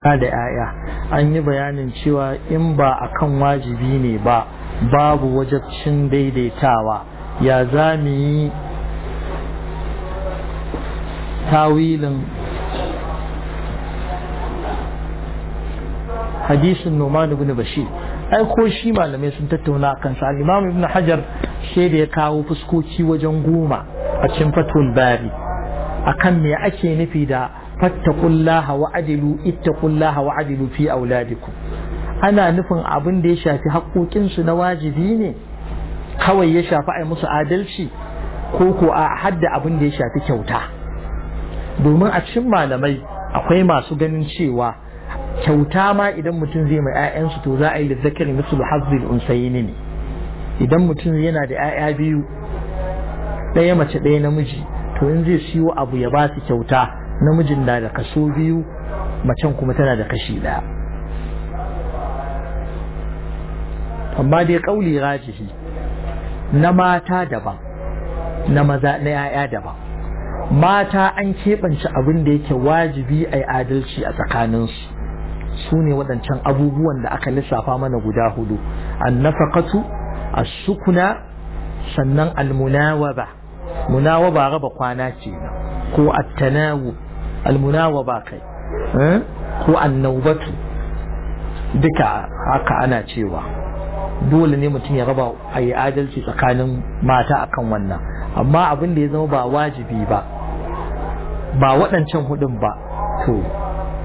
da 'ya'ya an yi bayanin cewa in ba a kan wajibi ne ba babu wajabcin daidaitawa ya za mu yi tawilin hadisin Numan ibn bashi ai ko shi malamai sun tattauna kan kansa. Imam Ibn Hajar shi da ya kawo fuskoki wajen goma a cikin fatul Bari akan me ake nufi da fattaqullaha wa adilu ittaqullaha wa adilu fi auladikum ana nufin abin da ya shafi haƙoƙin na wajibi ne kawai ya shafi ai musu adalci ko ko a hadda abin da ya shafi kyauta domin a cikin malamai akwai masu ganin cewa kyauta ma idan mutum zai mai 'ya'yansu to za a yi da zakari mislu hazzil unsayini ne idan mutum yana da 'ya'ya biyu ɗaya mace ɗaya namiji to in zai siyo abu ya ba su kyauta namijin na da kaso biyu macen kuma tana da kashi daya. amma dai ƙauli rajihi na mata daban na maza na 'ya'ya daban mata an keɓance abin da yake wajibi a yi adalci a tsakaninsu su ne waɗancan abubuwan da aka lissafa mana guda hudu annafaqatu a sukuna sannan munawa munawaba raba kwana ce ko a Almunawa ba kai eh? ko annobatu duka haka ana cewa dole ne mutum ya raba a yi adalci tsakanin mata akan wannan amma abin da ya zama ba wajibi ba ba waɗancan hudun ba to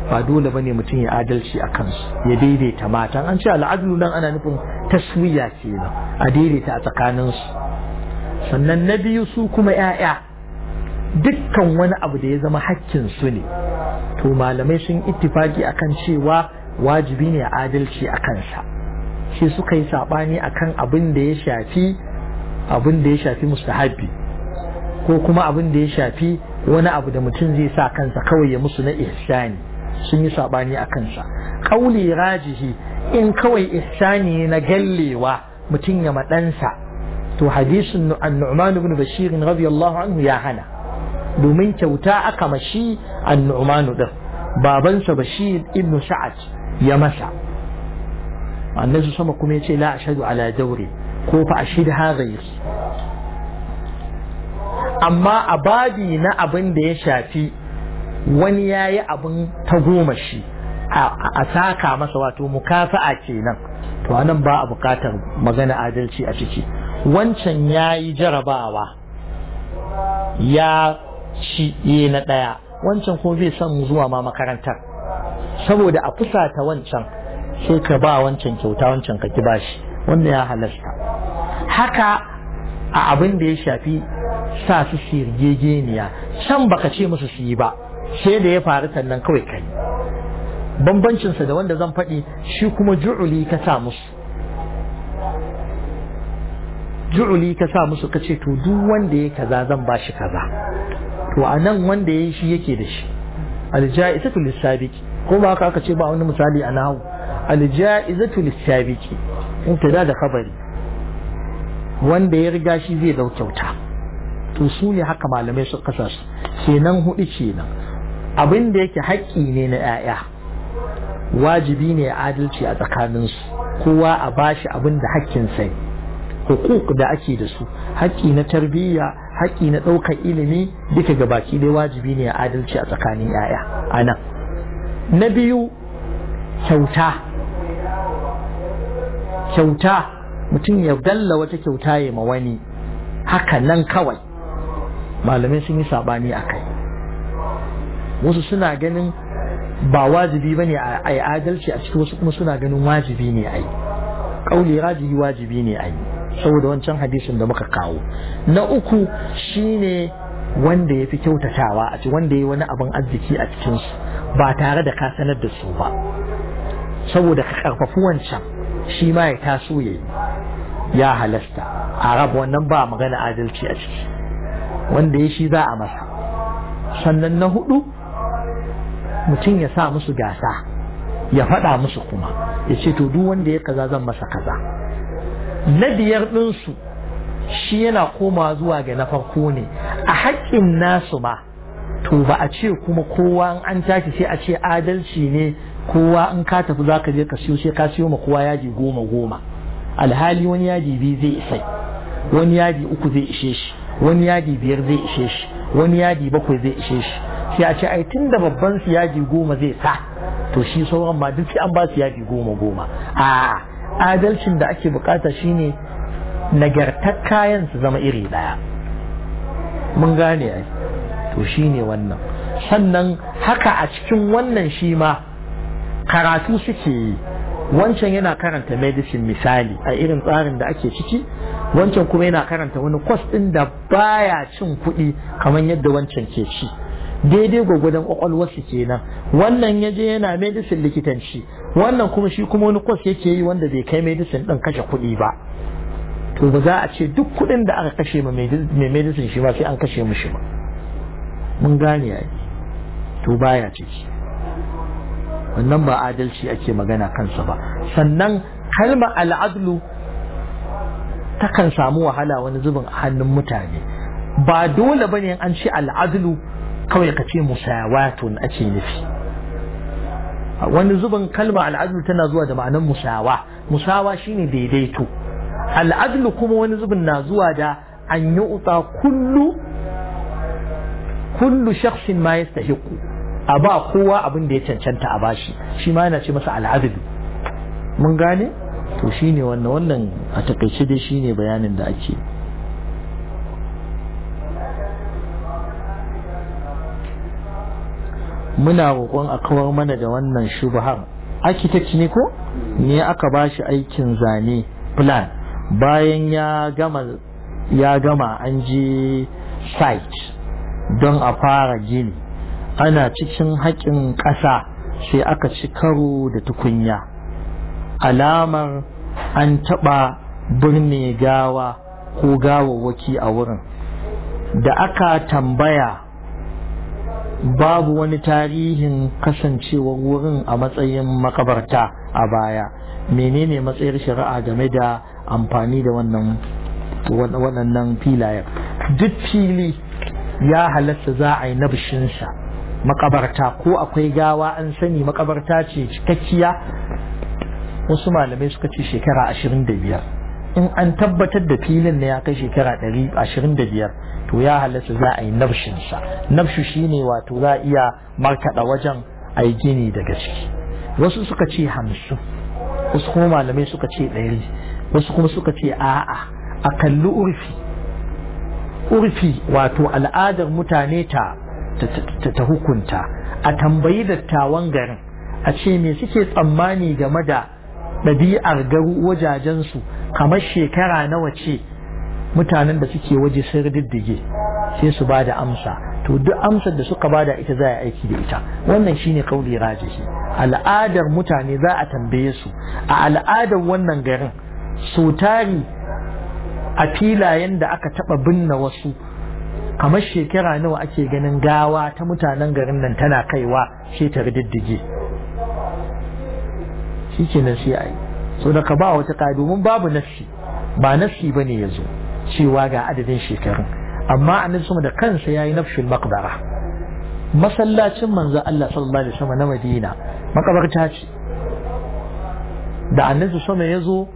ba dole ba ne mutum ya adalci a kansu ya daidaita matan an ce al'adulu nan ana nufin taswiya kenan a daidaita a tsakaninsu sannan na biyu su kuma 'ya'ya dukkan wani abu da ya zama hakkin su ne to malamai sun ittifaki akan cewa wajibi ne adalci a kansa shi suka yi saɓani akan abin da ya shafi abin da ya shafi mustahabi ko kuma abin da ya shafi wani abu da mutum zai sa kansa kawai ya musu na ihsani sun yi saɓani a kansa ƙauli rajihi in kawai ihsani na gallewa mutum ya maɗansa to hadisin annu'man ibn bashir radiyallahu anhu ya hana domin kyauta aka mashi annu'manu din babansa bashir ibn sa'ad ya masa annabi sama kuma yace la ashhadu ala daure ko fa ashhadu hadha amma abadi na abin da ya shafi wani yayi abin shi a saka masa wato mukafa'a kenan to anan ba a bukatar magana adalci a ciki wancan yayi jarabawa ya shi ye na ɗaya wancan kuma bai son zuwa ma makarantar saboda a fusata wancan sai ka ba wancan kyauta wancan ka kiba shi wannan ya halasta haka a abin da ya shafi sa su sirgegeniya can can baka ce musu su yi ba sai da ya faru sannan kawai kai bambancinsa da wanda zan faɗi shi kuma ju'uli ka sa musu ju'uli ka sa musu ka ce to duk wanda ya kaza zan bashi kaza to a nan wanda ya shi yake da shi alja'izatu lissabiki ko ba haka aka ce ba wani misali a nahu alja'izatu lisabiki da da kabari wanda ya riga shi zai dau kyauta to su ne haka malamai suka kasa su kenan hudu kenan abin da yake haƙƙi ne na 'ya'ya wajibi ne adalci a tsakanin su kowa a bashi abin da haƙƙin sai hukuk da ake da su haƙƙi na tarbiyya haƙƙi na ɗaukar ilimi duka baki dai wajibi ne a adalci a tsakanin 'ya'ya a nan na biyu kyauta kyauta mutum ya dalla wata kyauta ya ma wani haka nan kawai malamai sun yi saɓani a kai wasu suna ganin ba wajibi ba ne a yi adalci a cikin wasu kuma suna ganin wajibi ne a yi ƙauli wajibi ne a yi saboda wancan hadisin da muka kawo na uku shine wanda ya fi kyautatawa a ci wanda ya wani abin arziki a cikinsu ba tare da ka sanar da su ba saboda ka karfafi wancan shi ma ya taso ya yi ya halasta a rab wannan ba magana adalci a ciki wanda ya shi za a masa sannan na hudu mutum ya sa musu gasa ya faɗa musu kuma ya ce to duk wanda ya kaza zan masa kaza na biyar ɗinsu shi yana koma zuwa ga na farko ne a haƙƙin nasu ma to ba a ce kuma kowa an tashi sai a ce adalci ne kowa in ka tafi za ka je ka siyo sai ka siyo ma kowa yaji goma goma alhali wani yaji biyu zai isai wani yaji uku zai ishe shi wani yaji biyar zai ishe shi wani yaji bakwai zai ishe shi sai a ce ai tun da babban su yaji goma zai sa to shi sauran ma duk sai an ba su yaji goma goma a'a. adalcin da ake bukata shine nagartar kayan su zama iri daya mun gane ai to shine wannan sannan haka a cikin wannan shi ma karatu suke yi wancan yana karanta medicine misali a irin tsarin da ake ciki wancan kuma yana karanta wani kwas ɗin da baya cin kuɗi kamar yadda wancan ke ci daidai gwagwadon su kenan wannan ya je yana medicine likitanci wannan kuma shi kuma wani kwas yake yi wanda bai kai medicine din kashe kuɗi ba to ba za a ce duk kuɗin da aka kashe ma mai medicine shi sai an kashe mishi ba mun gane ya to baya ciki wannan ba adalci ake magana kansa ba sannan kalma al'adlu takan samu wahala wani zubin hannun mutane ba dole bane an ce al'adlu kawai ka ce musayawatun ake nufi wani zubin kalma al'adlu tana zuwa da ma'anar musawa musawa shine daidaito al'adlu kuma wani zubin na zuwa da an yi utsa kullu kullu shakhsin ma yastahiqu a ba kowa abin da ya cancanta a bashi shi ma yana ce masa al'adlu mun gane to shine wannan wannan a takaice dai shine bayanin da ake muna roƙon a kawar mana da wannan shubhar architect ne ko ne aka shi aikin zane plan bayan ya gama ya gama an je site don a fara gini ana cikin haƙin ƙasa sai aka ci karo da tukunya alamar an taɓa birne gawa ko gawawwaki a wurin da aka tambaya babu wani tarihin kasancewar wurin a matsayin makabarta a baya menene matsayar shari'a game da amfani da wannan waɗannan filayen duk fili ya halatta za a yi nabshinsa makabarta ko akwai gawa an sani makabarta ce cikakkiya wasu malamai suka ce shekara ashirin da biyar in an tabbatar da filin na ya kai shekara 125 to ya halatta za a yi nafshinsa nafshi shi ne wato za a iya markaɗa wajen a yi gini daga ciki wasu suka ce hamsin wasu kuma malamai suka ce ɗari wasu kuma suka ce a'a a kalli urfi urfi wato al'adar mutane ta ta hukunta a tambayi dattawan garin a ce me suke tsammani game da ɗabi'ar garu wajajensu kamar shekara nawa ce mutanen da suke waje sun riddige sai su bada amsa to duk amsar da suka ba da ita za a aiki da ita wannan shine kauli rajihi al'adar mutane za a tambaye su a al'adar wannan garin sutari tari a filayen da aka taɓa binne wasu kamar shekara nawa ake ganin gawa ta mutanen garin nan tana kaiwa sai ta riddige shi nan sai a yi so da ka ba wata ka domin babu nassi ba nassi ba ne ya zo cewa ga adadin shekarun amma nan sama da kansa ya yi nafshul makbara. masallacin manzo Allah sallallahu alaihi wasallam na Madina makabarta ce da annabi sama ya zo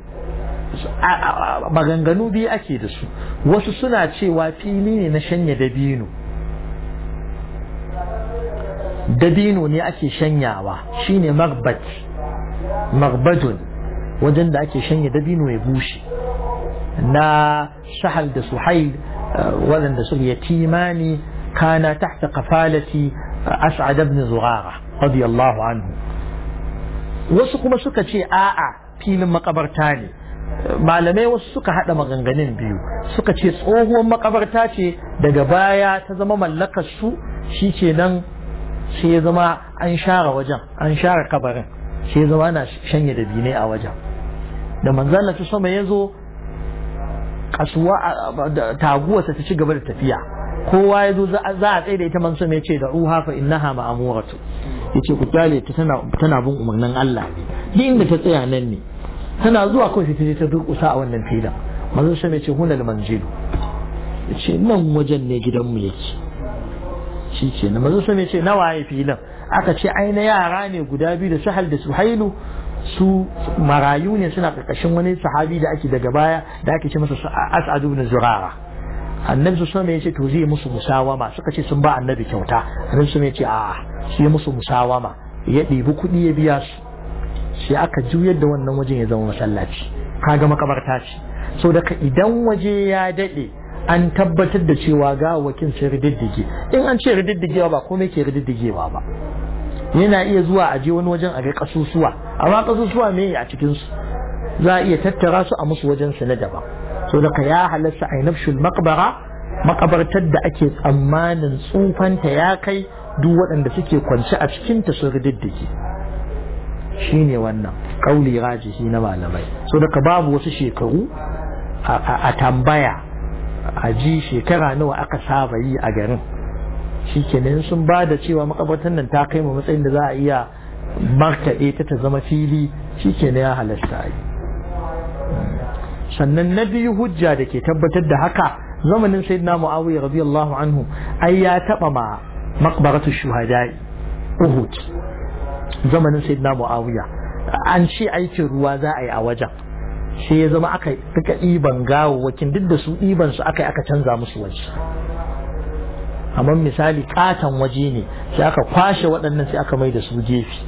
maganganu biyu ake da su wasu suna cewa fili ne na shanya dabino dabino ne ake shanyawa shine magbat magbajun wajen da ake shanye dabino ya bushe na sahal da suhail waɗanda su yatima timani kana tahta kafalati as'ad ibn zurara radiyallahu anhu wasu kuma suka ce a'a filin makabarta ne malamai wasu suka hada maganganun biyu suka ce tsohuwar makabarta ce daga baya ta zama mallakar su shi ke nan sai ya zama an share wajen an share kabarin sai zama na shanye da binai a wajen da manzana ta sama ya zo kasuwa taguwarsa ta ci gaba da tafiya kowa ya zo za a tsaye da ita manzo mai ce da ruha fa ha ma'amuratu ce ku tsale ta tana tana bin umarnin Allah ne inda ta tsaya nan ne tana zuwa kawai fita ta durkusa a wannan filin manzo sai mai ce hunal manjilu ce nan wajen ne gidanmu yake shi ce na manzo sai mai ce nawa ya filin aka ce ai na yara ne guda biyu da sahal da suhailu su marayu ne suna karkashin wani sahabi da ake daga baya da ake ce masa as'adu ibn zurara annabi su sama ya ce to zai musu musawama suka ce sun ba annabi kyauta annabi su ya ce a su yi musu musawama ya ɗibi kuɗi ya biya su sai aka juyar da wannan wajen ya zama masallaci Ka ga makabarta ce so daga idan waje ya daɗe an tabbatar da cewa gawakin sai rididdige in an ce rididdigewa ba komai ke rididdigewa ba yana iya zuwa a je wani wajen a ga kasusuwa amma kasusuwa me a cikin su za a iya tattara su a musu wajen su na daban so daga ya halarta a nafshul maqbara makabartar da ake tsammanin tsufanta ya kai duk waɗanda suke kwance a cikin ta sun rididdige shine wannan kauli rajihi na malamai so daga babu wasu shekaru a tambaya a ji shekara nawa aka saba yi a garin shi kenan sun ba da cewa makabartar nan ta kai mu matsayin da za a iya markaɗe ta ta zama fili shi kenan ya halasta yi sannan na biyu hujja da ke tabbatar da haka zamanin sayyidina muawiya radiyallahu anhu ai ya taɓa ma makbaratu shuhada'i uhud zamanin sayyidina muawiya an ce aikin ruwa za a yi a wajen sai ya zama aka rika ɗiban wakin duk da su ɗiban su aka aka canza musu waje amma misali katon waje ne sai aka kwashe waɗannan sai aka mai da su gefe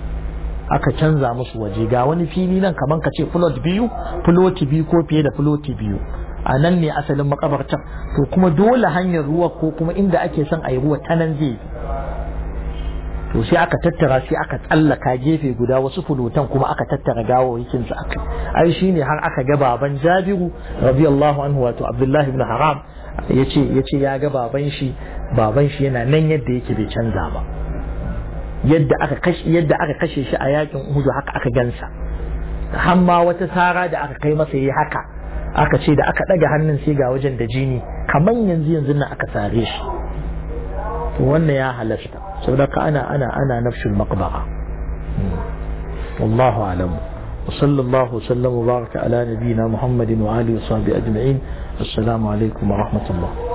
aka canza musu waje ga wani fili nan kamar ka ce fulot biyu fuloti biyu ko fiye da fuloti biyu a nan ne asalin makabartar to kuma dole hanyar ruwa ko kuma inda ake son a yi ruwa ta nan zai to sai aka tattara sai aka tsallaka gefe guda wasu fulutan kuma aka tattara gawawakin su aka ai shine har aka ga baban Jabiru radiyallahu anhu wato Abdullah ibn Haram yace yace ya ga baban shi baban shi yana nan yadda yake bai canza ba yadda aka kashe yadda aka kashe shi a yakin Uhud haka aka gansa hamma wata sara da aka kai masa yayi haka aka ce da aka daga hannun sai ga wajen da jini kamar yanzu yanzu nan aka sare shi wannan ya halasta سوداك أنا أنا أنا نفس المقبرة والله أعلم وصلى الله وسلم وبارك على نبينا محمد وآله وصحبه أجمعين السلام عليكم ورحمة الله